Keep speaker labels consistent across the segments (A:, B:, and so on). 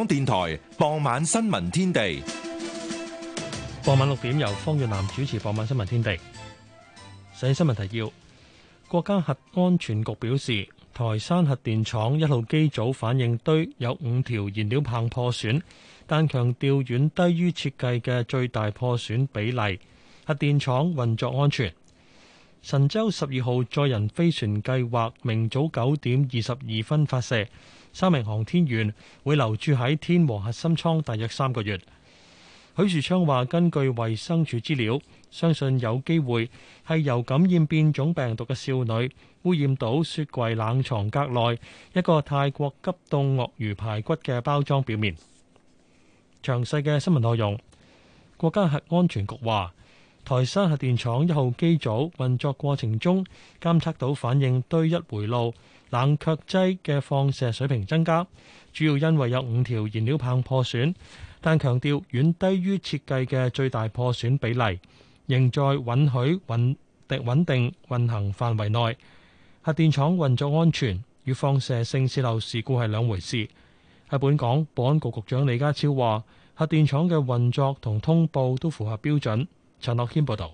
A: 香港電台傍，傍晚新聞天地，傍晚六點由方月南主持。傍晚新聞天地，先新聞提要：國家核安全局表示，台山核電廠一號機組反應堆有五條燃料棒破損，但強調遠低於設計嘅最大破損比例，核電廠運作安全。神舟十二號載人飛船計劃明早九點二十二分發射。三名航天員會留住喺天和核心艙大約三個月。許樹昌話，根據衛生署資料，相信有機會係由感染變種病毒嘅少女污染到雪櫃冷藏格內一個泰國急凍鱷魚排骨嘅包裝表面。詳細嘅新聞內容，國家核安全局話，台山核電廠一號機組運作過程中監測到反應堆一回路。冷卻劑嘅放射水平增加，主要因為有五條燃料棒破損，但強調遠低於設計嘅最大破損比例，仍在允許穩定穩定運行範圍內。核電廠運作安全與放射性泄漏事故係兩回事。喺本港，保安局局長李家超話，核電廠嘅運作同通報都符合標準。陳樂軒報導。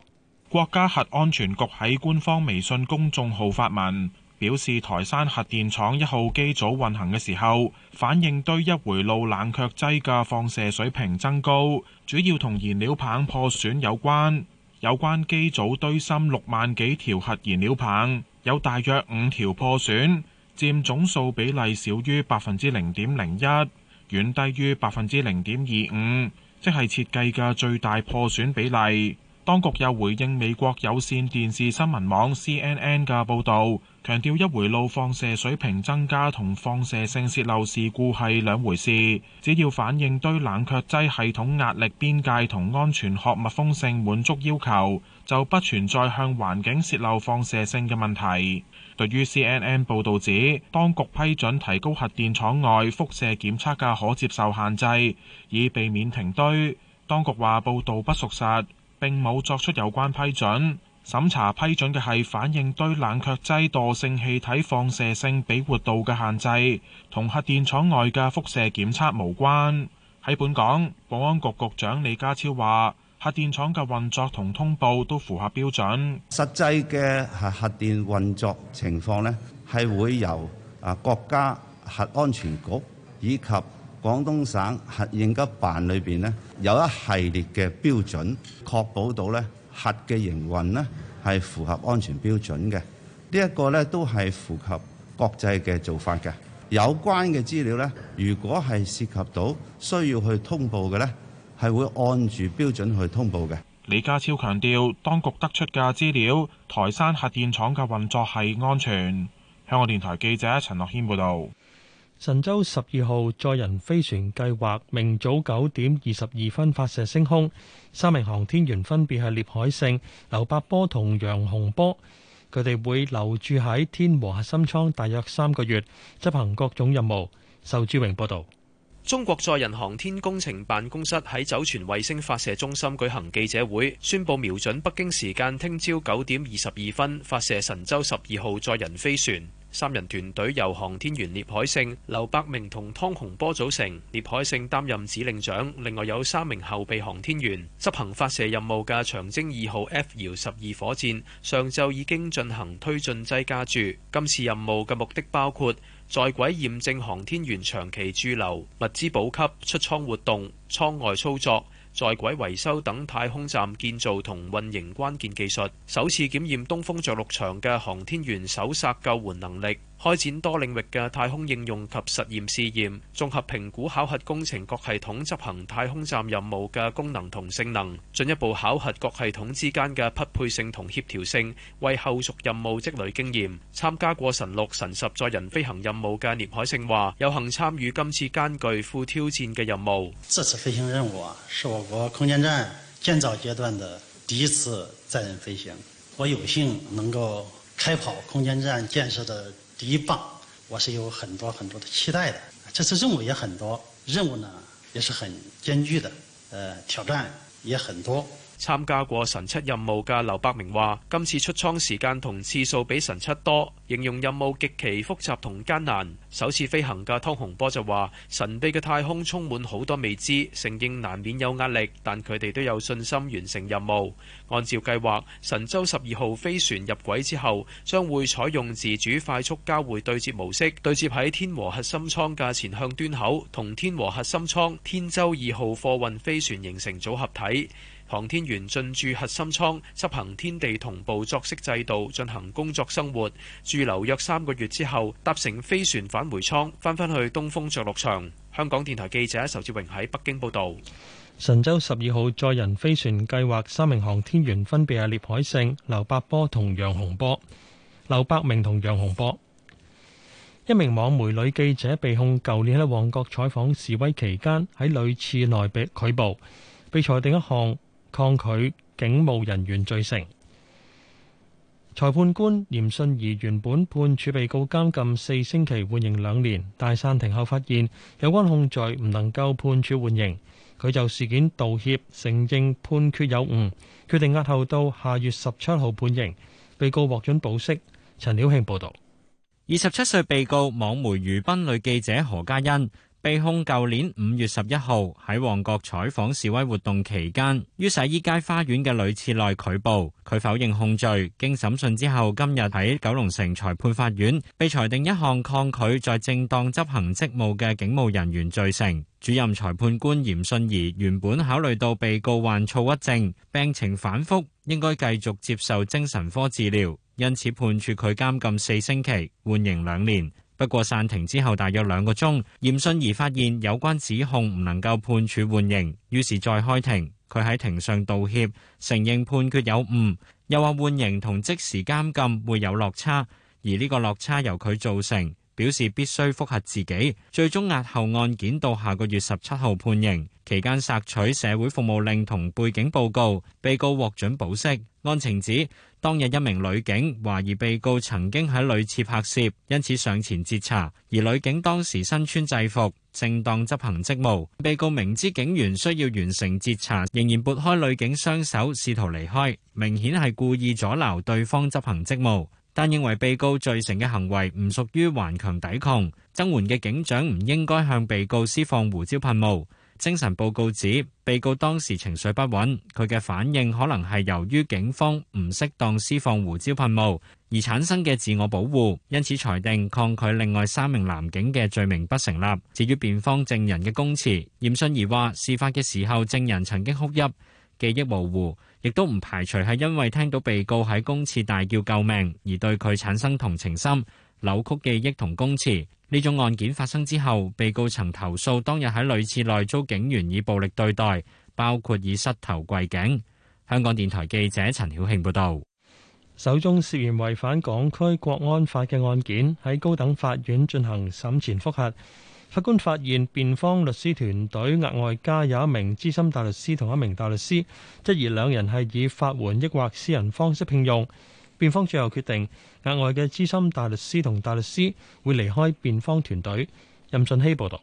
B: 國家核安全局喺官方微信公眾號發文。表示台山核電廠一號機組運行嘅時候，反應堆一回路冷卻劑嘅放射水平增高，主要同燃料棒破損有關。有關機組堆芯六萬幾條核燃料棒，有大約五條破損，占總數比例少於百分之零點零一，遠低於百分之零點二五，即係設計嘅最大破損比例。當局又回應美國有線電視新聞網 C N N 嘅報道。強調一回路放射水平增加同放射性泄漏事故係兩回事，只要反應堆冷卻劑系統壓力邊界同安全殼密封性滿足要求，就不存在向環境泄漏放射性嘅問題。對於 CNN 報道指當局批准提高核電廠外輻射檢測嘅可接受限制，以避免停堆，當局話報導不屬實，並冇作出有關批准。審查批准嘅係反應堆冷卻劑惰性氣體放射性比活度嘅限制，同核電廠外嘅輻射檢測無關。喺本港，保安局局長李家超話：核電廠嘅運作同通報都符合標準。
C: 實際嘅核核電運作情況呢，係會由啊國家核安全局以及廣東省核應急辦裏邊呢，有一系列嘅標準，確保到呢。核嘅營運呢係符合安全標準嘅，呢一個呢都係符合國際嘅做法嘅。有關嘅資料呢，如果係涉及到需要去通報嘅呢，係會按住標準去通報嘅。
B: 李家超強調，當局得出嘅資料，台山核電廠嘅運作係安全。香港電台記者陳樂軒報導。神舟十二號載人飛船計劃明早九點二十
A: 二分發射升空，三名航天員分別係聶海勝、劉伯波同楊洪波，佢哋會留住喺天和核心艙大約三個月，執行各種任務。仇志榮報道。
D: 中國載人航天工程辦公室喺酒泉衛星發射中心舉行記者會，宣布瞄準北京時間聽朝九點二十二分發射神舟十二號載人飛船。三人團隊由航天員聶海勝、劉伯明同湯洪波組成，聶海勝擔任指令長，另外有三名後備航天員。執行發射任務嘅長征二號 F 遙十二火箭上晝已經進行推進劑加注。今次任務嘅目的包括在軌驗證航天員長期駐留、物資補給、出艙活動、艙外操作。在軌維修等太空站建造同運營關鍵技術，首次檢驗東風著陸場嘅航天員搜索救援能力。開展多領域嘅太空應用及實驗試驗，綜合評估考核工程各系統執行太空站任務嘅功能同性能，進一步考核各系統之間嘅匹配性同協調性，為後續任務積累經驗。參加過神六、神十載人飛行任務嘅聶海勝話有幸參與今次艱巨富挑戰嘅任務，
E: 這次飛行任務
A: 啊，是我國空間站建造階段的第一次載人飛行，我有幸能夠開跑空間站建設的，第一棒，我是有很
E: 多很多的期待的。這次任務也很多，任務呢，也是很艱巨的，呃，挑戰
D: 也很多。參加過神七任務嘅劉伯明話：今次出艙時間同次數比神七多，形容任務極其複雜同艱難。首次飛行嘅湯洪波就話：神秘嘅太空充滿好多未知，承認難免有壓力，但佢哋都有信心完成任務。按照計劃，神舟十二號飛船入軌之後，將會採用自主快速交會對接模式，對接喺天和核心艙嘅前向端口，同天和核心艙、天舟二號貨運飛船形成組合體。航天員進駐核心艙，執行天地同步作息制度，進行工作生活。駐留約三個月之後，搭乘飛船返,返回艙，翻返去東風着陸場。香港電台記者仇志榮喺北京報道。
A: 神舟十二號載人飛船計劃三名航天員分別係聶海勝、劉伯波同楊洪波、劉伯明同楊洪波。一名網媒女記者被控舊年喺旺角採訪示威期間喺屢次內被拘捕，被裁定一項。抗拒警務人員罪成。裁判官嚴信宜原本判處被告監禁四星期，緩刑兩年，大散庭後發現有關控罪唔能夠判處緩刑，佢就事件道歉，承認判決有誤，決定押後到下月十七號判刑。被告獲准保釋。陳曉慶報導。
C: 二十七歲被告網媒「魚賓」女記者何嘉欣。被控舊年五月十一號喺旺角採訪示威活動期間，於洗衣街花園嘅女廁內拒捕。佢否認控罪。經審訊之後，今日喺九龍城裁判法院被裁定一項抗拒在正當執行職務嘅警務人員罪成。主任裁判官嚴信儀原本考慮到被告患躁鬱症，病情反覆，應該繼續接受精神科治療，因此判處佢監禁四星期，緩刑兩年。不過，散庭之後大約兩個鐘，嚴信義發現有關指控唔能夠判處緩刑，於是再開庭。佢喺庭上道歉，承認判決有誤，又話緩刑同即時監禁會有落差，而呢個落差由佢造成。表示必須複核自己，最終押後案件到下個月十七號判刑。期間索取社會服務令同背景報告，被告獲准保釋。案情指，當日一名女警懷疑被告曾經喺女廁拍攝，因此上前截查。而女警當時身穿制服，正當執行職務。被告明知警員需要完成截查，仍然撥開女警雙手試圖離開，明顯係故意阻撓對方執行職務。但認為被告罪成嘅行為唔屬於頑強抵抗，增援嘅警長唔應該向被告施放胡椒噴霧。精神報告指被告當時情緒不穩，佢嘅反應可能係由於警方唔適當施放胡椒噴霧而產生嘅自我保護，因此裁定抗拒另外三名男警嘅罪名不成立。至於辯方證人嘅供詞，嚴信怡話事發嘅時候證人曾經哭泣，記憶模糊。亦都唔排除係因為聽到被告喺公廁大叫救命，而對佢產生同情心，扭曲記憶同公廁。呢種案件發生之後，被告曾投訴當日喺女廁內遭警員以暴力對待，
A: 包括以膝頭跪頸。香港電台記者陳曉慶報導，首宗涉嫌違反港區國安法嘅案件喺高等法院進行審前覆核。法官發現辯方律師團隊額外加有一名資深大律師同一名大律師，質疑兩人係以法援抑或私人方式聘用。辯方最後決定額外嘅資深大律師同大律師會離開辯方
F: 團隊。任俊熙報導。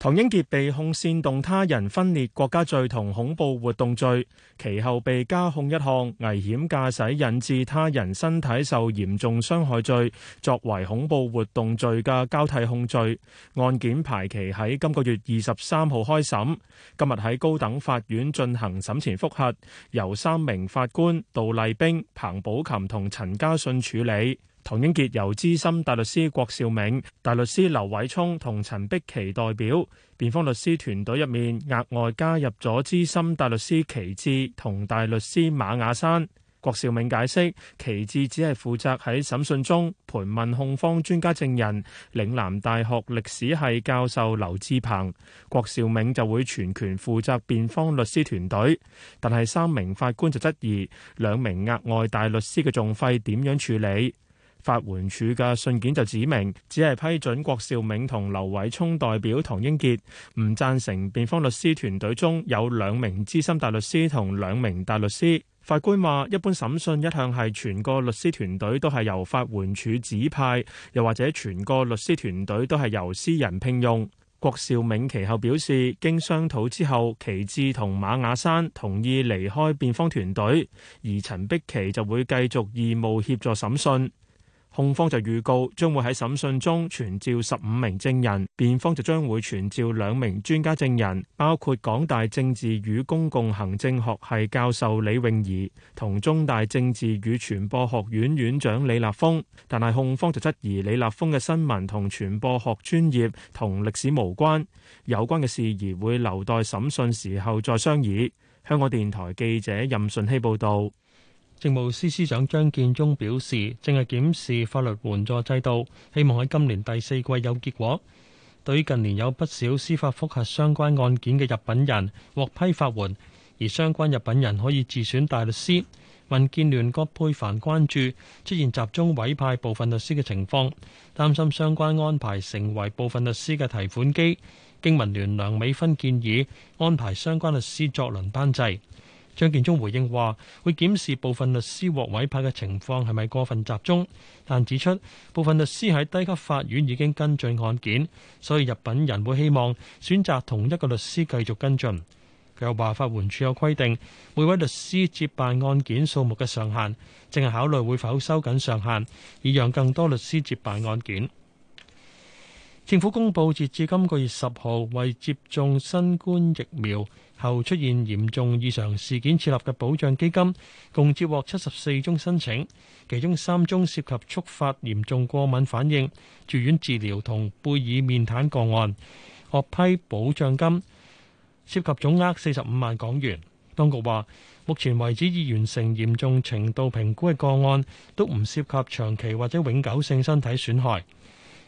F: 唐英傑被控煽動他人分裂國家罪同恐怖活動罪，其後被加控一項危險駕駛引致他人身體受嚴重傷害罪，作為恐怖活動罪嘅交替控罪。案件排期喺今個月二十三號開審，今日喺高等法院進行審前複核，由三名法官杜麗冰、彭寶琴同陳家信處理。唐英傑由資深大律師郭兆銘、大律師劉偉聰同陳碧琪代表，辯方律師團隊入面額外加入咗資深大律師旗幟同大律師馬雅山。郭兆銘解釋，旗幟只係負責喺審訊中盤問控方專家證人嶺南大學歷史系教授劉志鵬，郭兆銘就會全權負責辯方律師團隊。但係三名法官就質疑兩名額外大律師嘅訟費點樣處理。法援署嘅信件就指明，只係批准郭兆銘同劉偉聰代表唐英傑唔贊成，辯方律師團隊中有兩名資深大律師同兩名大律師。法官話，一般審訊一向係全個律師團隊都係由法援署指派，又或者全個律師團隊都係由私人聘用。郭兆銘其後表示，經商討之後，其志同馬雅山同意離開辯方團隊，而陳碧琪就會繼續義務協助審訊。控方就預告將會喺審訊中傳召十五名證人，辯方就將會傳召兩名專家證人，包括港大政治與公共行政學系教授李泳怡同中大政治與傳播學院院長李立峯。但係控方就質疑李立峯嘅新聞同傳播學專業同歷史無關，有關嘅事宜會留待審訊時候再商議。香港電台記者任順希報道。政務司司長張
A: 建宗表示，正係檢視法律援助制度，希望喺今年第四季有結果。對於近年有不少司法覆核相關案件嘅入禀人獲批法援，而相關入禀人可以自選大律師，民建聯葛珮帆關注出現集中委派部分律師嘅情況，擔心相關安排成為部分律師嘅提款機。經民聯梁美芬建議，安排相關律師作輪班制。張建宗回應話：會檢視部分律師獲委派嘅情況係咪過分集中，但指出部分律師喺低級法院已經跟進案件，所以入稟人會希望選擇同一個律師繼續跟進。佢又話：法援處有規定每位律師接辦案件數目嘅上限，正係考慮會否收緊上限，以讓更多律師接辦案件。政府公佈截至今個月十號為接種新冠疫苗後出現嚴重異常事件設立嘅保障基金，共接獲七十四宗申請，其中三宗涉及觸發嚴重過敏反應、住院治療同貝爾面癱個案，獲批保障金，涉及總額四十五萬港元。當局話，目前為止已完成嚴重程度評估嘅個案，都唔涉及長期或者永久性身體損害。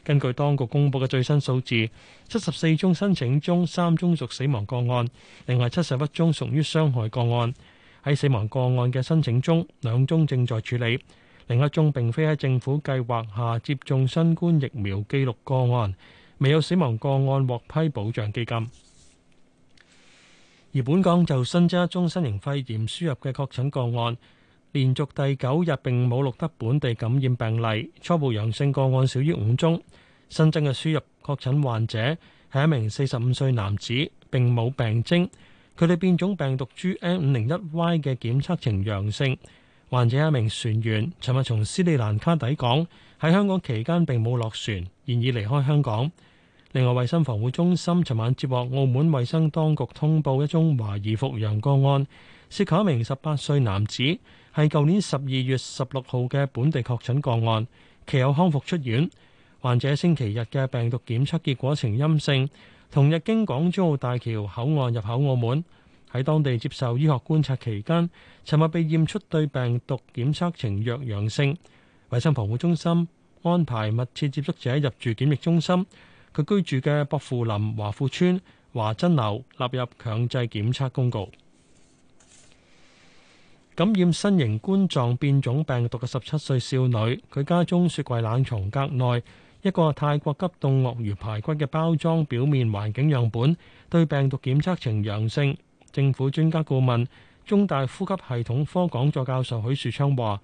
A: 根據當局公佈嘅最新數字，七十四宗申請中，三宗屬死亡個案，另外七十一宗屬於傷害個案。喺死亡個案嘅申請中，兩宗正在處理，另一宗並非喺政府計劃下接種新冠疫苗記錄個案，未有死亡個案獲批保障基金。而本港就新增一宗新型肺炎輸入嘅確診個案。連續第九日並冇錄得本地感染病例，初步陽性個案少於五宗。新增嘅輸入確診患者係一名四十五歲男子，並冇病徵。佢哋變種病毒 G N 五零一 Y 嘅檢測呈陽性。患者係一名船員，尋日從斯里蘭卡抵港，喺香港期間並冇落船，現已離開香港。另外，衛生防護中心尋晚接獲澳門衛生當局通報一宗懷疑復陽個案，涉及一名十八歲男子。係舊年十二月十六號嘅本地確診個案，其後康復出院。患者星期日嘅病毒檢測結果呈陰性，同日經港珠澳大橋口岸入口澳門，喺當地接受醫學觀察期間，尋日被驗出對病毒檢測呈弱陽性。衞生防護中心安排密切接觸者入住檢疫中心。佢居住嘅薄扶林華富邨華珍樓納入強制檢測公告。感染新型冠狀變種病毒嘅十七歲少女，佢家中雪櫃冷藏格內一個泰國急凍鱷魚排骨嘅包裝表面環境樣本，對病毒檢測呈陽性。政府專家顧問、中大呼吸系統科講座教授許樹昌話：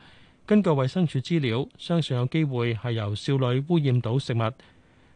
A: 根據衛生署資料，相信有機會係由少女污染到食物。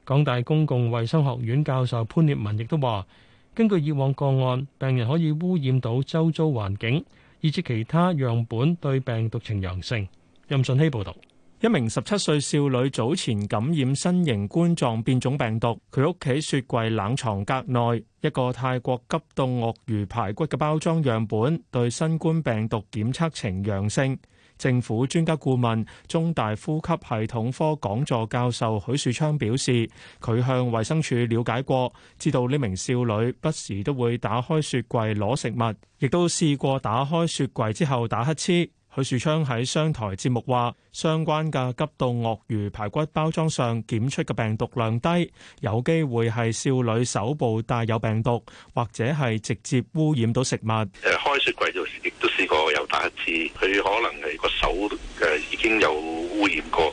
A: 港大公共衛生學院教授潘烈文亦都話：根據以往個案，病人可以污
F: 染到周遭環境。以至其他樣本對病毒呈陽性。任信希報導，一名十七歲少女早前感染新型冠狀變種病毒，佢屋企雪櫃冷藏格內一個泰國急凍鱷魚排骨嘅包裝樣本對新冠病毒檢測呈陽性。政府專家顧問、中大呼吸系統科講座教授許樹昌表示，佢向衛生署了解過，知道呢名少女不時都會打開雪櫃攞食物，亦都試過打開雪櫃之後打乞嗤。許樹昌喺商台節目話，相關嘅急凍鱷魚排骨包裝上檢出嘅病毒量低，有機會係少女手部帶有病毒，或者係直接污染到食物。
A: 誒，開雪櫃就亦都試過有打一次，佢可能係個手誒已經有污染過。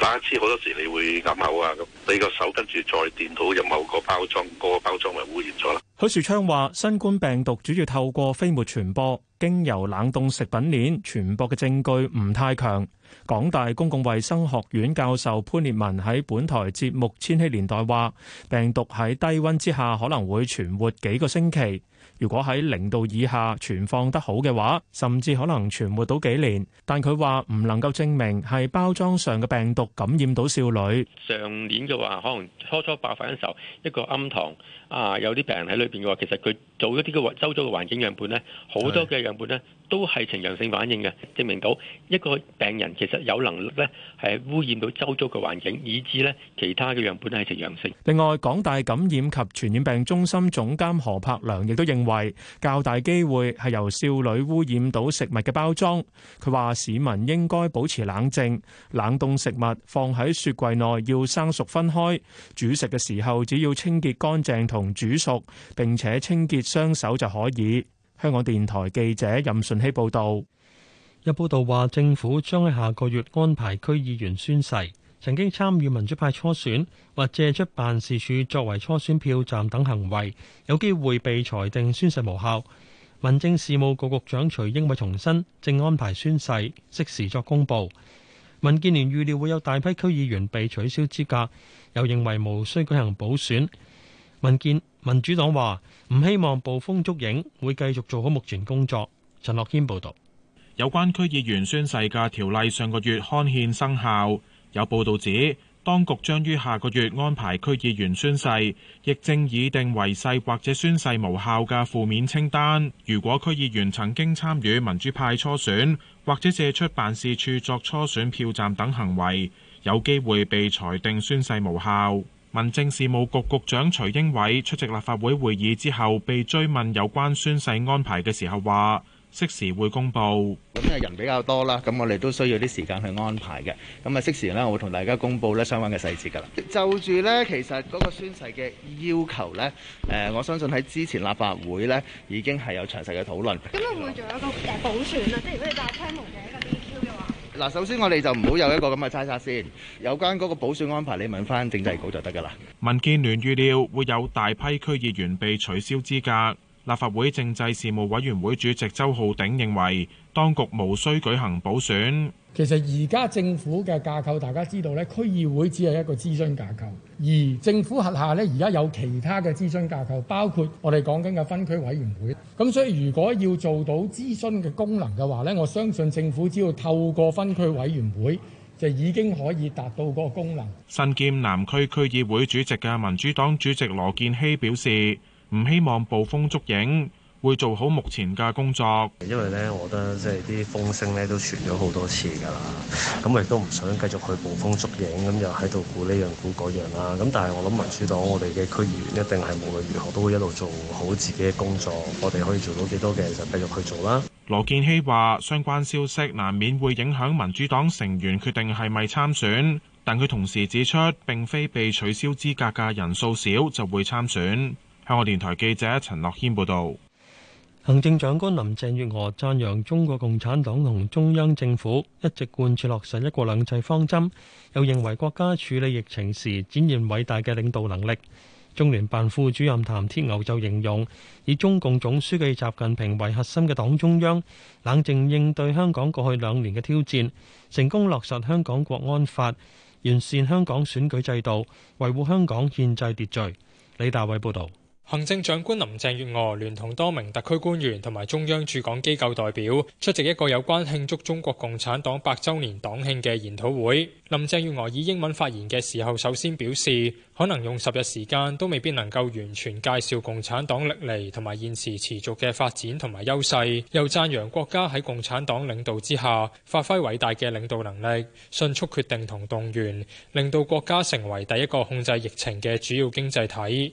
A: 打一次好多時你會咬口啊，咁你個手跟住再掂到入某個包裝，
F: 個包裝咪污染咗啦。許樹昌話：新冠病毒主要透過飛沫傳播，經由冷凍食品鏈傳播嘅證據唔太強。港大公共衛生學院教授潘烈文喺本台節目《千禧年代》話，病毒喺低溫之下可能會存活幾個星期。如果喺零度以下存放得好嘅話，甚至可能存活到幾年。但佢話唔能夠證明係包裝上嘅病毒感染到少女。
D: 上年就話可能初初爆發嘅時候，一個庵堂啊，有啲病人喺裏邊嘅話，其實佢做一啲嘅周遭嘅環境樣本咧，好多嘅樣本咧。都係呈陽性反應嘅，證明到一個病人其實有能力咧，係污染到周遭嘅環境，以致咧其他嘅樣本係呈陽性。
F: 另外，港大感染及傳染病中心總監何柏良亦都認為，較大機會係由少女污染到食物嘅包裝。佢話：市民應該保持冷靜，冷凍食物放喺雪櫃內要生熟分開，煮食嘅時候只要清潔乾淨同煮熟，並且清潔雙手就可以。香港電台記者任順熙報，報道，有報道話，政府將喺下
A: 個月安排區議員宣誓。曾經參與民主派初選或借出辦事處作為初選票站等行為，有機會被裁定宣誓無效。民政事務局局長徐英偉重申，正安排宣誓，適時作公布。民建聯預料會有大批區議員被取消資格，又認為無需舉行補選。民建民主黨話唔希望暴風捉影，會繼續做好目前工作。陳樂軒報導。
B: 有關區議員宣誓嘅條例上個月刊憲生效，有報道指當局將於下個月安排區議員宣誓，亦正擬定違誓或者宣誓無效嘅負面清單。如果區議員曾經參與民主派初選，或者借出辦事處作初選票站等行為，有機會被裁定宣誓無效。民政事務局局長徐英偉出席立法會會議之後，被追問有關宣誓安
D: 排嘅時候，話適時會公佈。咁啊，人比較多啦，咁我哋都需要啲時間去安排嘅。咁啊，適時呢，我會同大家公佈呢相關嘅細節噶啦。
E: 就住呢，其實嗰
D: 個宣誓嘅要求呢，誒，我相信喺之前立法會呢已經係有詳細嘅討論。咁會
G: 唔會仲有一個補選啊？即係如果你戴黑帽嘅嗰啲？
D: 嗱，首先我哋就唔好有一個咁嘅猜測先。有關嗰個補選安排，你問翻政制局就得㗎喇。民
B: 建聯預料會有大批區議員被取消資格。立法會政制事務委員會主席周浩鼎認為，當局無需舉行補選。
H: 其實而家政府嘅架構，大家知道咧，區議會只係一個諮詢架構，而政府轄下呢，而家有其他嘅諮詢架構，包括我哋講緊嘅分區委員會。咁所以，如果要做到諮詢嘅功能嘅話咧，我相信政府只要透過分區委員會就已經可以達到嗰個功能。
B: 身兼南區區議會主席嘅民主黨主席羅健熙表示。唔希望捕風捉影，會做好目前嘅工作。
A: 因為呢，我覺得即係啲風聲咧都傳咗好多次噶啦，咁亦都唔想繼續去捕風捉影，咁就喺度估呢樣估嗰樣啦。咁但係我諗民主黨我哋嘅區議員一定係無論如何都會一路做好自己嘅工作。我哋可以做到幾多嘅就繼續去做啦。
B: 羅建熙話，相關消息難免會影響民主黨成員決定係咪參選，但佢同時指出，並非被取消資格嘅人數少就會參選。香港電台記者陳樂謙報道，行
A: 政長官林鄭月娥讚揚中國共產黨同中央政府一直貫徹落實一國兩制方針，又認為國家處理疫情時展現偉大嘅領導能力。中聯辦副主任譚鐵牛就形容，以中共總書記習近平為核心嘅黨中央冷靜應對香港過去兩年嘅挑戰，成功落實香港國安法，完善香港選舉制度，維護香港憲制秩序。李大偉報道。
H: 行政長官林鄭月娥聯同多名特區官員同埋中央駐港機構代表出席一個有關慶祝中國共產黨百周年黨慶嘅研討會。林鄭月娥以英文發言嘅時候，首先表示，可能用十日時間都未必能夠完全介紹共產黨歷嚟同埋現時持續嘅發展同埋優勢。又讚揚國家喺共產黨領導之下，發揮偉大嘅領導能力，迅速決定同動員，令到國家成為第一個控制疫情嘅主要經濟體。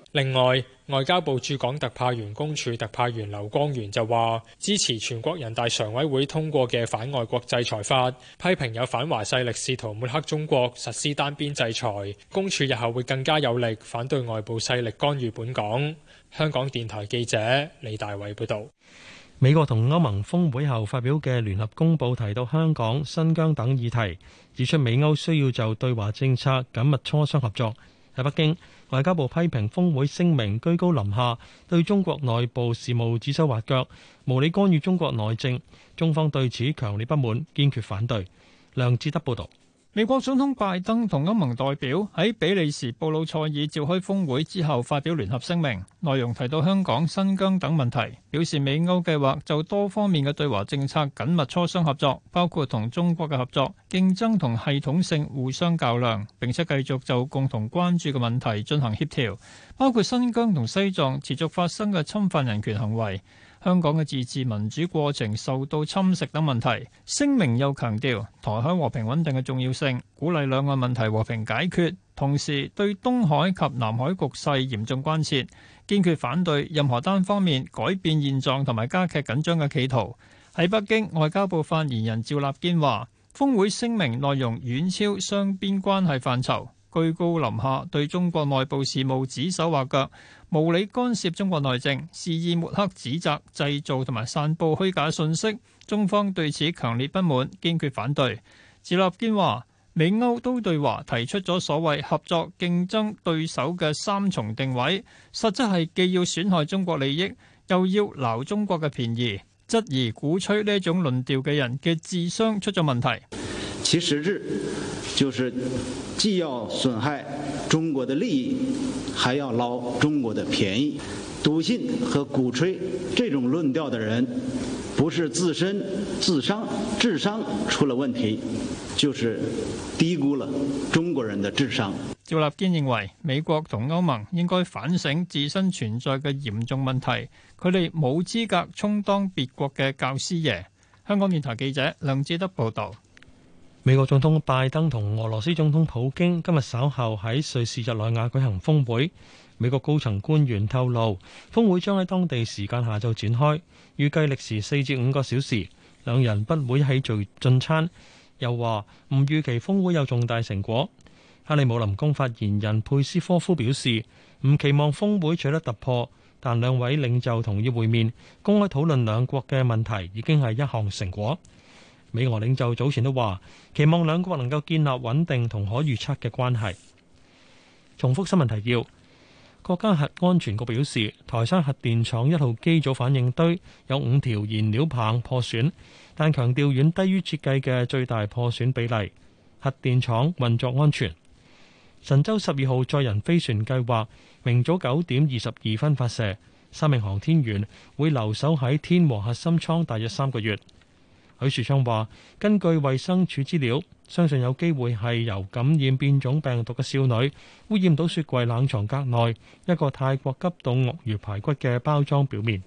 H: 另外，外交部駐港特派員公署特派員劉光源就話支持全國人大常委會通過嘅反外國制裁法，批評有反華勢力試圖抹黑中國實施單邊制裁。公署日後會更加有力反對外部勢力干預本港。香港電台記者李大偉報道。
A: 美國同歐盟峰會後發表嘅聯合公報提到香港、新疆等議題，指出美歐需要就對華政策緊密磋商合作。喺北京。外交部批評峰會聲明居高臨下，對中國內部事務指手畫腳，無理干預中國內政，中方對此強烈不滿，堅決反對。梁志德報導。
E: 美國總統拜登同歐盟代表喺比利時布魯塞爾召開峰會之後，發表聯合聲明，內容提到香港、新疆等問題，表示美歐計劃就多方面嘅對華政策緊密磋商合作，包括同中國嘅合作、競爭同系統性互相較量，並且繼續就共同關注嘅問題進行協調，包括新疆同西藏持續發生嘅侵犯人權行為。香港嘅自治民主過程受到侵蝕等問題，聲明又強調台海和平穩定嘅重要性，鼓勵兩岸問題和平解決，同時對東海及南海局勢嚴重關切，堅決反對任何單方面改變現狀同埋加劇緊張嘅企圖。喺北京，外交部發言人趙立堅話，峰會聲明內容遠超雙邊關係範疇。居高臨下對中國內部事務指手畫腳，無理干涉中國內政，肆意抹黑、指責、製造同埋散佈虛假信息，中方對此強烈不滿，堅決反對。自立堅話：美歐都對華提出咗所謂合作競爭對手嘅三重定位，實質係既要損害中國利益，又要撈中國嘅便宜，質疑鼓吹呢種論調嘅人嘅智商出咗問題。
C: 其實質就是既要損害中國的利益，還要撈中國的便宜。篤信和鼓吹這種論調的人，不是自身智商、智商出了問題，就是低估了中國人的智商。
E: 趙立堅認為，美國同歐盟應該反省自身存在嘅嚴重問題，佢哋冇資格充當別國嘅教師爺。香港電台記者梁志德報道。
A: 美國總統拜登同俄羅斯總統普京今日稍後喺瑞士日內瓦舉行峰會。美國高層官員透露，峰會將喺當地時間下晝展開，預計歷時四至五個小時。兩人不會一齊進餐，又話唔預期峰會有重大成果。克里姆林宮發言人佩斯科夫表示，唔期望峰會取得突破，但兩位領袖同意會面，公開討論兩國嘅問題已經係一項成果。美俄領袖早前都話，期望兩國能夠建立穩定同可預測嘅關係。重複新聞提要：國家核安全局表示，台山核電廠一號機組反應堆有五條燃料棒破損，但強調遠低於設計嘅最大破損比例，核電廠運作安全。神舟十二號載人飛船計劃明早九點二十二分發射，三名航天員會留守喺天和核心艙大約三個月。許樹昌話，根據衛生署資料，相信有機會係由感染變種病毒嘅少女污染到雪櫃冷藏格內一個泰國急凍鱷魚排骨嘅包裝表面。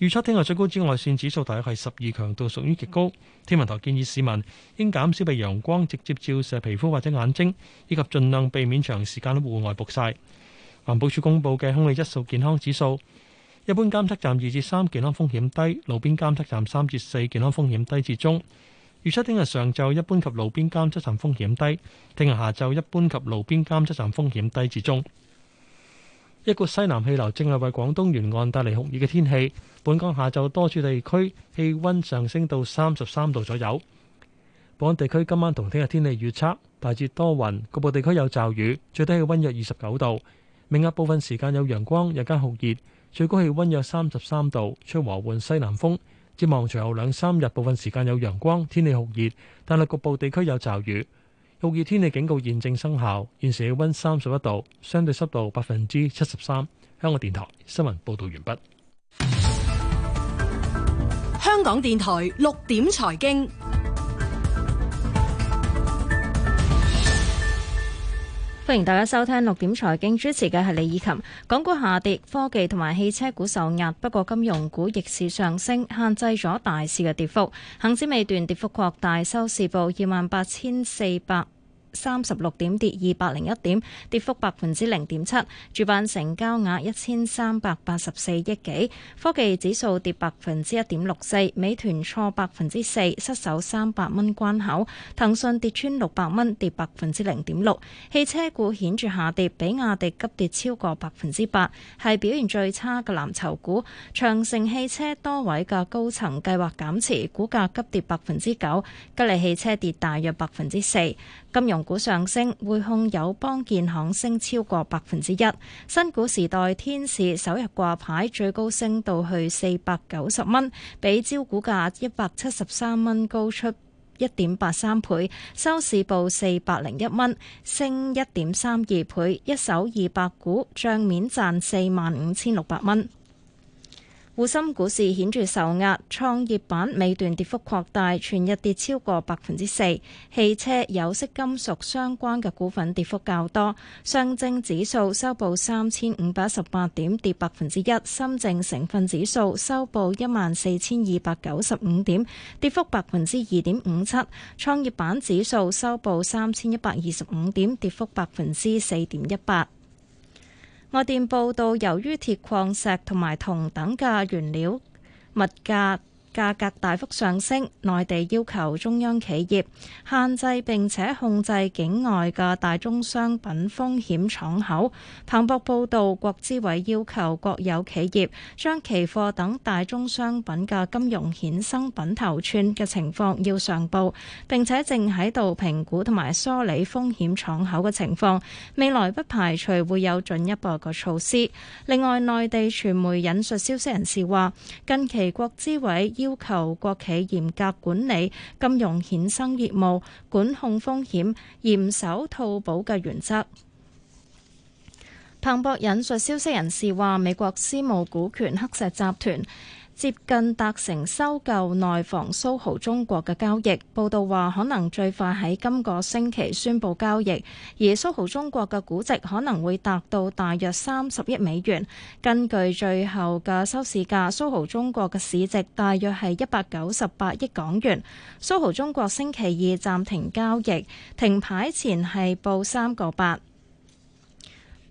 A: 預測聽日最高紫外線指數大約係十二，強度屬於極高。天文台建議市民應減少被陽光直接照射皮膚或者眼睛，以及盡量避免長時間戶外曝晒。環保署公布嘅空氣質素健康指數。一般監測站二至三，健康風險低，路邊監測站三至四，健康風險低至中。預測聽日上晝一般及路邊監測站風險低，聽日下晝一般及路邊監測站風險低至中。一股西南氣流正係為廣東沿岸帶嚟酷熱嘅天氣。本港下晝多處地區氣温上升到三十三度左右。本港地區今晚同聽日天氣預測，大致多雲，局部地區有驟雨，最低氣溫約二十九度。明日部分時間有陽光，日間酷熱。最高氣溫約三十三度，吹和緩西南風。展望隨後兩三日，部分時間有陽光，天氣酷熱，但係局部地區有驟雨。酷熱天氣警告現正生效。現時氣溫三十一度，相對濕度百分之七十三。香港電台新聞報道完畢。
I: 香港電台六點財經。歡迎大家收聽六點財經，主持嘅係李以琴。港股下跌，科技同埋汽車股受壓，不過金融股逆市上升，限制咗大市嘅跌幅。恒指尾段跌幅擴大，收市報二萬八千四百。三十六點，跌二百零一點，跌幅百分之零點七。主板成交額一千三百八十四億幾。科技指數跌百分之一點六四，美團挫百分之四，失守三百蚊關口。騰訊跌穿六百蚊，跌百分之零點六。汽車股顯著下跌，比亞迪急跌超過百分之八，係表現最差嘅藍籌股。長城汽車多位嘅高層計劃減持，股價急跌百分之九。吉利汽車跌大約百分之四。金融股上升，匯控、友邦、建行升超過百分之一。新股時代天使首日掛牌，最高升到去四百九十蚊，比招股價一百七十三蚊高出一點八三倍，收市報四百零一蚊，升一點三二倍，一手二百股，帳面賺四萬五千六百蚊。滬深股市顯著受壓，創業板尾段跌幅擴大，全日跌超過百分之四。汽車、有色金屬相關嘅股份跌幅較多。上證指數收報三千五百一十八點，跌百分之一；深證成分指數收報一萬四千二百九十五點，跌幅百分之二點五七；創業板指數收報三千一百二十五點，跌幅百分之四點一八。外電報道，由於鐵礦石同埋銅等嘅原料物價價格大幅上升，內地要求中央企業限制並且控制境外嘅大宗商品風險敞口。彭博報道，國資委要求國有企業將期貨等大宗商品嘅金融衍生品頭寸嘅情況要上報，並且正喺度評估同埋梳理風險敞口嘅情況。未來不排除會有進一步嘅措施。另外，內地傳媒引述消息人士話，近期國資委。要求國企嚴格管理金融衍生業務，管控風險，嚴守套保嘅原則。彭博引述消息人士話，美國私募股權黑石集團。接近達成收購內房 SOHO 中國嘅交易，報道話可能最快喺今個星期宣布交易，而 SOHO 中國嘅估值可能會達到大約三十億美元。根據最後嘅收市價，SOHO 中國嘅市值大約係一百九十八億港元。SOHO 中國星期二暫停交易，停牌前係報三個八。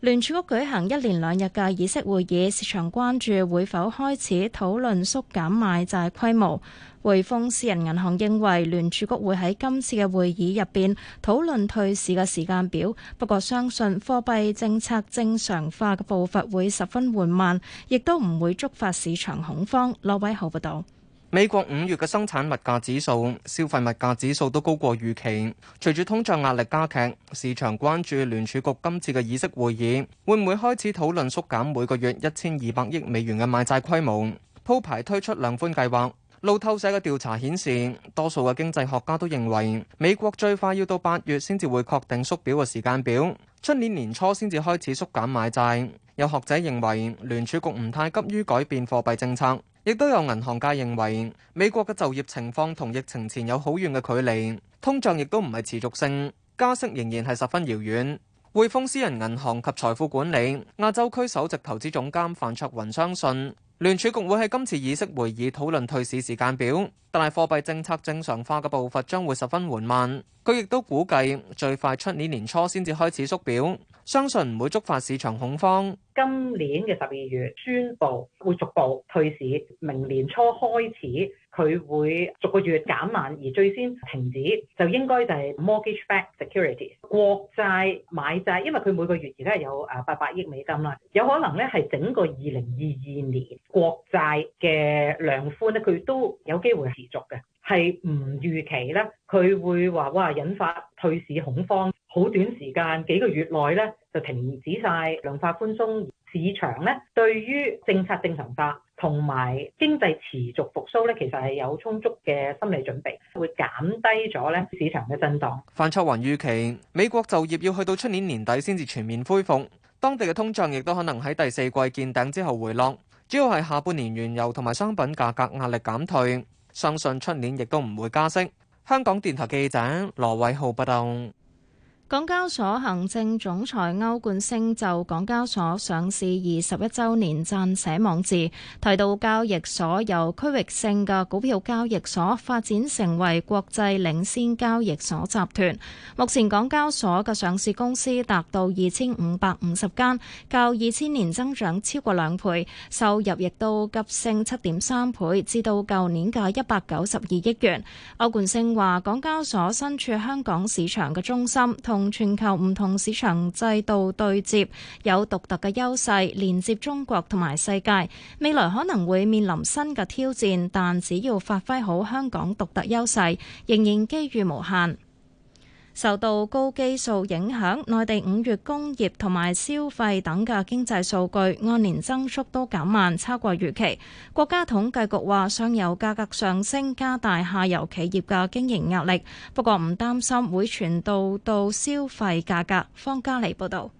I: 聯儲局舉行一連兩日嘅議息會議，市場關注會否開始討論縮減買債規模。匯豐私人銀行認為聯儲局會喺今次嘅會議入邊討論退市嘅時間表，不過相信貨幣政策正常化嘅步伐會十分緩慢，亦都唔會觸發市場恐慌。羅偉豪報道。
G: 美國五月嘅生產物價指數、消費物價指數都高過預期。隨住通脹壓力加劇，市場關注聯儲局今次嘅議息會議會唔會開始討論縮減每個月一千二百億美元嘅買債規模，鋪排推出量寬計劃。路透社嘅調查顯示，多數嘅經濟學家都認為美國最快要到八月先至會確定縮表嘅時間表，出年年初先至開始縮減買債。有學者認為聯儲局唔太急於改變貨幣政策。亦都有銀行家認為美國嘅就業情況同疫情前有好遠嘅距離，通脹亦都唔係持續性，加息仍然係十分遙遠。匯豐私人銀行及財富管理亞洲區首席投資總監范卓雲相信聯儲局會喺今次議息會議討論退市時間表，但係貨幣政策正常化嘅步伐將會十分緩慢。佢亦都估計最快出年年初先至開始縮表。相信唔會觸發市場恐慌。
J: 今年嘅十二月宣布會逐步退市，明年初開始佢會逐個月減慢，而最先停止，就應該就係 mortgage-backed securities 國債買債，因為佢每個月而家係有誒八百億美金啦。有可能咧係整個二零二二年國債嘅量寬咧，佢都有機會持續嘅，係唔預期咧佢會話哇引發退市恐慌。好短時間幾個月內咧就停止晒量化寬鬆，市場咧對於政策正常化同埋經濟持續復甦咧，其實係有充足嘅心理準備，會減低咗咧市場嘅震盪。
G: 范秋雲預期美國就業要去到出年年底先至全面恢復，當地嘅通脹亦都可能喺第四季見頂之後回落，主要係下半年原油同埋商品價格壓力減退，相信出年亦都唔會加息。香港電台記者羅偉浩報道。
I: 港交所行政總裁歐冠升就港交所上市二十一周年撰寫網誌，提到交易所由區域性嘅股票交易所發展成為國際領先交易所集團。目前港交所嘅上市公司達到二千五百五十間，較二千年增長超過兩倍，收入亦都急升七點三倍，至到舊年嘅一百九十二億元。歐冠升話，港交所身處香港市場嘅中心，同同全球唔同市場制度對接，有獨特嘅優勢，連接中國同埋世界，未來可能會面臨新嘅挑戰，但只要發揮好香港獨特優勢，仍然機遇無限。受到高基數影響，內地五月工業同埋消費等嘅經濟數據按年增速都減慢，差過預期。國家統計局話，上游價格上升加大下游企業嘅經營壓力，不過唔擔心會傳導到消費價格。方嘉莉報導。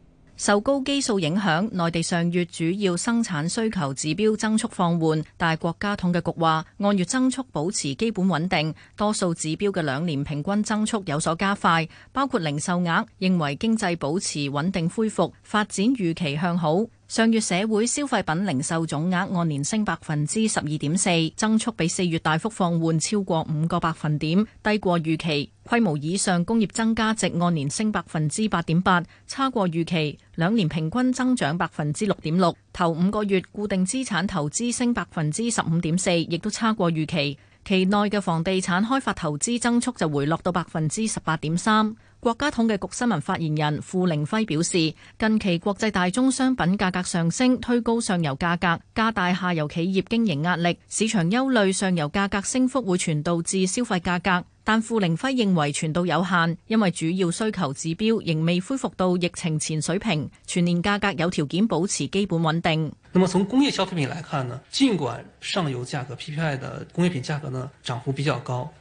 I: 受高基數影響，
K: 內地上月主要生產需求指標增速放緩，但國家統計局話，按月增速保持基本穩定，多數指標嘅兩年平均增速有所加快，包括零售額，認為經濟保持穩定恢復，發展預期向好。上月社會消費品零售總額按年升百分之十二點四，增速比四月大幅放緩超過五個百分點，低過預期。規模以上工業增加值按年升百分之八點八，差過預期，兩年平均增長百分之六點六。頭五個月固定資產投資升百分之十五點四，亦都差過預期。期內嘅房地產開發投資增速就回落到百分之十八點三。國家統計局新聞發言人傅凌輝表示，近期國際大宗商品價格上升，推高上游價格，加大下游企業經營壓力。市場憂慮上游價格升幅會傳導至消費價格，但傅凌輝認為傳導有限，因為主要需求指標仍未恢復到疫情前水平，全年價格有條件保持基本穩定。那麼從工業消費品來看呢？盡管上游價
E: 格 PPI 嘅工業品價格呢漲幅比較高。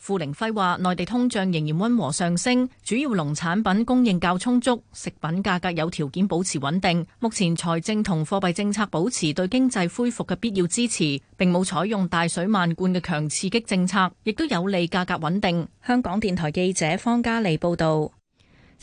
K: 付凌暉話：內地通脹仍然温和上升，主要農產品供應較充足，食品價格有條件保持穩定。目前財政同貨幣政策保持對經濟恢復嘅必要支持，並冇採用大水漫灌嘅強刺激政策，亦都有利價格穩定。
I: 香港電台記者方嘉莉報道。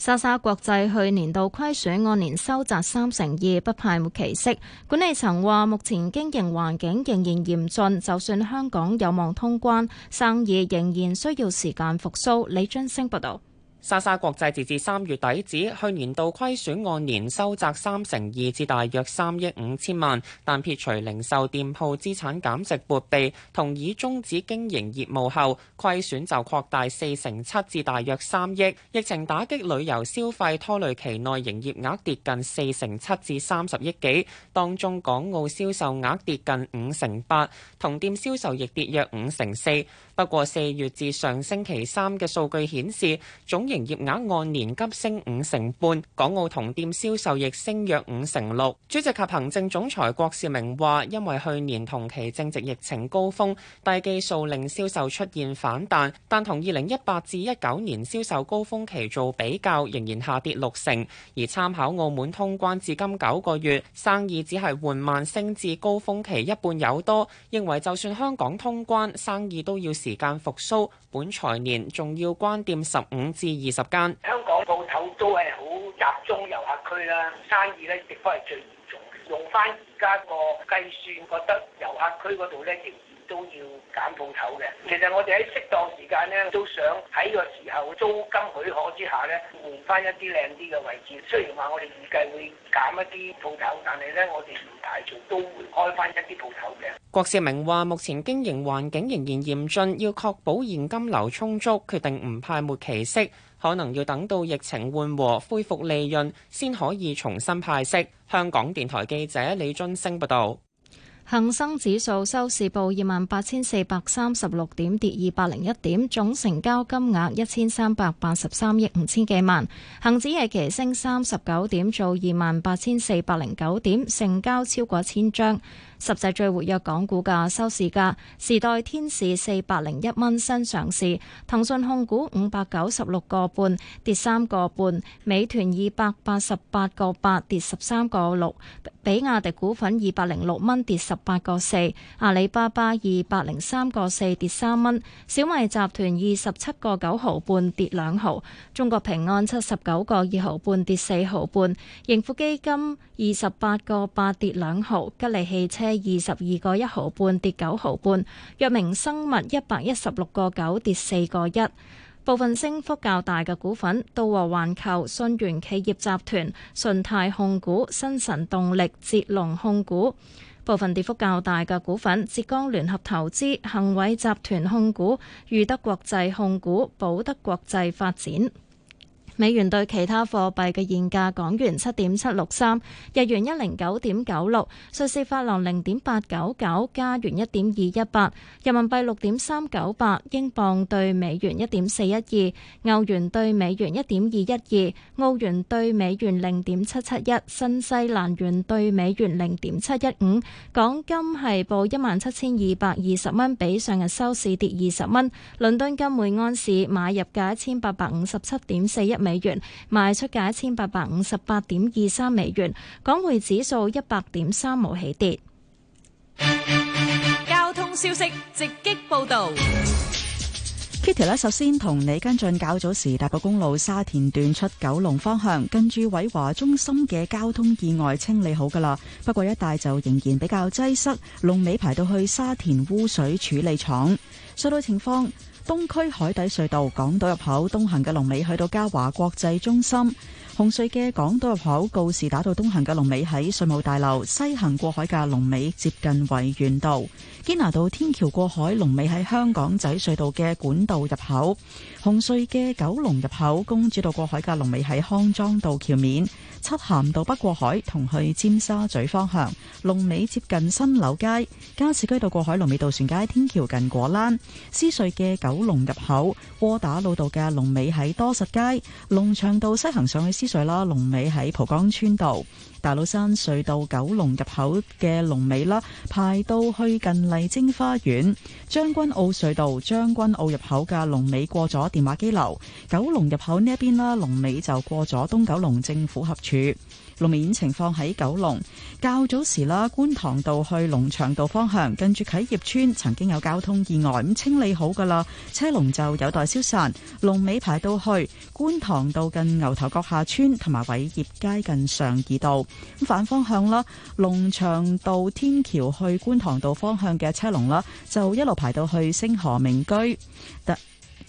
I: 莎莎國際去年度虧損按年收窄三成二，不派末期息。管理層話：目前經營環境仍然嚴峻，就算香港有望通關，生意仍然需要時間復甦。李津星報導。
J: 莎莎國際截至三月底止，去年度虧損按年收窄三成二至大約三億五千萬，但撇除零售店鋪資產減值撥備同已終止經營業務後，虧損就擴大四成七至大約三億。疫情打擊旅遊消費拖累期內營業額跌近四成七至三十億幾，當中港澳銷售額跌近五成八，同店銷售亦跌，跌約五成四。不過四月至上星期三嘅數據顯示，總營業額按年急升五成半，港澳同店銷售亦升約五成六。主席及行政總裁郭少明話：因為去年同期正值疫情高峰，低基數令銷售出現反彈，但同二零一八至一九年銷售高峰期做比較，仍然下跌六成。而參考澳門通關至今九個月，生意只係緩慢升至高峰期一半有多，認為就算香港通關，生意都要時間復蘇，本財年仲要關店十五至二十間。香港鋪頭都係好集中遊客區啦，生意咧亦都係最嚴重。用翻而家個計算，覺得遊客區嗰度咧。都要減鋪頭嘅。其實我哋喺適當時間呢，都想喺個時候租金許可之下呢，換翻一啲靚啲嘅位置。雖然話我哋預計會減一啲鋪頭，但係呢，我哋唔排除，都會開翻一啲鋪頭嘅。郭少明話：目前經營環境仍然嚴峻，要確保現金流充足，決定唔派末期息，可能要等到疫情緩和、恢復利潤，先可以重新派息。香港電台記者李俊升報道。
I: 恒生指數收市報二萬八千四百三十六點，跌二百零一點，總成交金額一千三百八十三億五千幾萬。恒指日期升三十九點，做二萬八千四百零九點，成交超過千張。十隻最活躍港股嘅收市價：時代天使四百零一蚊新上市，騰訊控股五百九十六個半跌三個半，美團二百八十八個八跌十三個六，比亞迪股份二百零六蚊跌十八個四，阿里巴巴二百零三個四跌三蚊，小米集團二十七個九毫半跌兩毫，中國平安七十九個二毫半跌四毫半，盈富基金二十八個八跌兩毫，吉利汽車，二十二個一毫半跌九毫半，藥明生物一百一十六個九跌四個一，部分升幅較大嘅股份，道和環球、信源企業集團、順泰控股、新晨動力、捷龍控股；部分跌幅較大嘅股份、浙江聯合投資、恒偉集團控股、裕德國際控股、保德國際發展。美元兌其他貨幣嘅現價：港元七點七六三，日元一零九點九六，瑞士法郎零點八九九，加元一點二一八，人民幣六點三九八，英鎊對美元一點四一二，歐元對美元一點二一二，澳元對美元零點七七一，新西蘭元對美元零點七一五。港金係報一萬七千二百二十蚊，比上日收市跌二十蚊。倫敦金每安士買入價一千八百五十七點四一美。美元賣出價一千八百五十八點二三美元，港匯指數一百點三毫起跌。
K: 交通消息直擊報道
L: ，Kitty 首先同你跟進，較早時大埔公路沙田段出九龍方向，跟住偉華中心嘅交通意外清理好噶啦，不過一帶就仍然比較擠塞，龍尾排到去沙田污水處理廠，隧道情況。東區海底隧道港島入口東行嘅龍尾去到嘉華國際中心。紅隧嘅港島入口告士打道東行嘅龍尾喺稅務大樓，西行過海嘅龍尾接近維園道。堅拿道天橋過海龍尾喺香港仔隧道嘅管道入口。紅隧嘅九龍入口公主道過海嘅龍尾喺康莊道橋面。漆咸道北過海同去尖沙咀方向龍尾接近新柳街。加士居道過海龍尾渡船街天橋近果欄。獅隧嘅九龍入口窩打老道嘅龍尾喺多實街。龍翔道西行上去私水啦，龍尾喺蒲江村度。大老山隧道九龍入口嘅龍尾啦，排到去近麗晶花園將軍澳隧道將軍澳入口嘅龍尾過咗電話機樓，九龍入口呢一邊啦，龍尾就過咗東九龍政府合署。路面情況喺九龍較早時啦，觀塘道去龍翔道方向，近住啟業村曾經有交通意外，咁清理好噶啦，車龍就有待消散。龍尾排到去觀塘道近牛頭角下村同埋偉業街近上二道。咁反方向啦，龍翔道天橋去觀塘道方向嘅車龍啦，就一路排到去星河名居。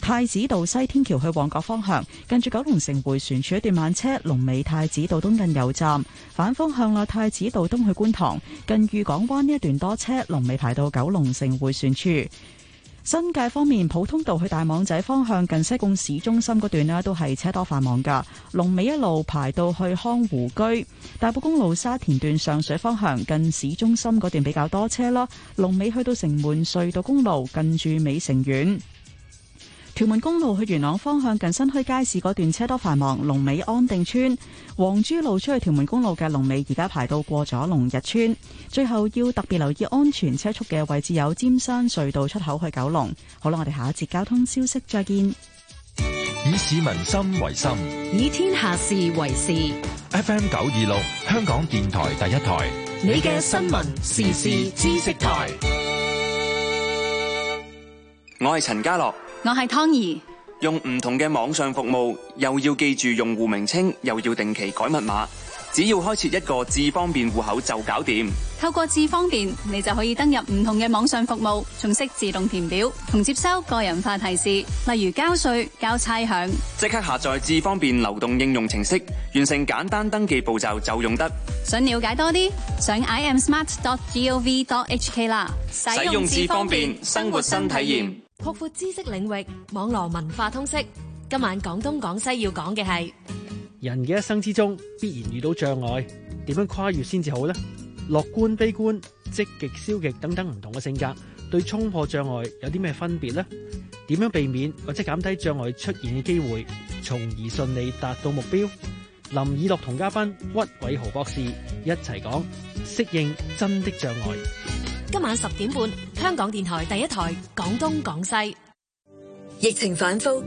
L: 太子道西天橋去旺角方向，近住九龍城回旋處一段慢車，龍尾太子道東，東近油站。反方向啦，太子道東去觀塘，近裕港灣呢一段多車，龍尾排到九龍城回旋處。新界方面，普通道去大網仔方向近西貢市中心嗰段咧，都係車多繁忙噶。龍尾一路排到去康湖居，大埔公路沙田段上水方向近市中心嗰段比較多車咯。龍尾去到城門隧道公路近住美城苑。屯門公路去元朗方向近新墟街市嗰段車多繁忙，龍尾安定村、黃珠路出去屯門公路嘅龍尾而家排到過咗龍日村。最後要特別留意安全車速嘅位置有尖山隧道出口去九龍。好啦，我哋下一節交通消息再見。
E: 以市民心為心，
L: 以天下事為事。FM
E: 九二六，香港電台第一台。
J: 你嘅新聞時事知識台。
D: 我係陳家樂。我係湯兒，用唔同嘅網上服務，又要記住用戶名稱，又要定期改密碼，只要開設一個智方便戶口就搞掂。
K: 透過智方便，你就可以登入唔同嘅網上服務，仲識自動填表同接收個人化提示，例如交稅、交差餉。
D: 即刻下載智方便流動應用程式，完成簡單登記步驟就用得。
K: 想了解多啲，上 imsmart.gov.hk 啦。使用智方便，生活新體驗。擴闊知識領域，網絡文化通識。今晚廣東廣西要講嘅係：
A: 人嘅一生之中必然遇到障礙，點樣跨越先至好呢？樂觀、悲觀、積極、消極等等唔同嘅性格，對衝破障礙有啲咩分別呢？點樣避免或者減低障礙出現嘅機會，從而順利達到目標？林以樂同嘉賓屈偉豪博士一齊講，適應真的障礙。
K: 今晚十點半，香港電台第一台《廣東廣西》，疫情反覆。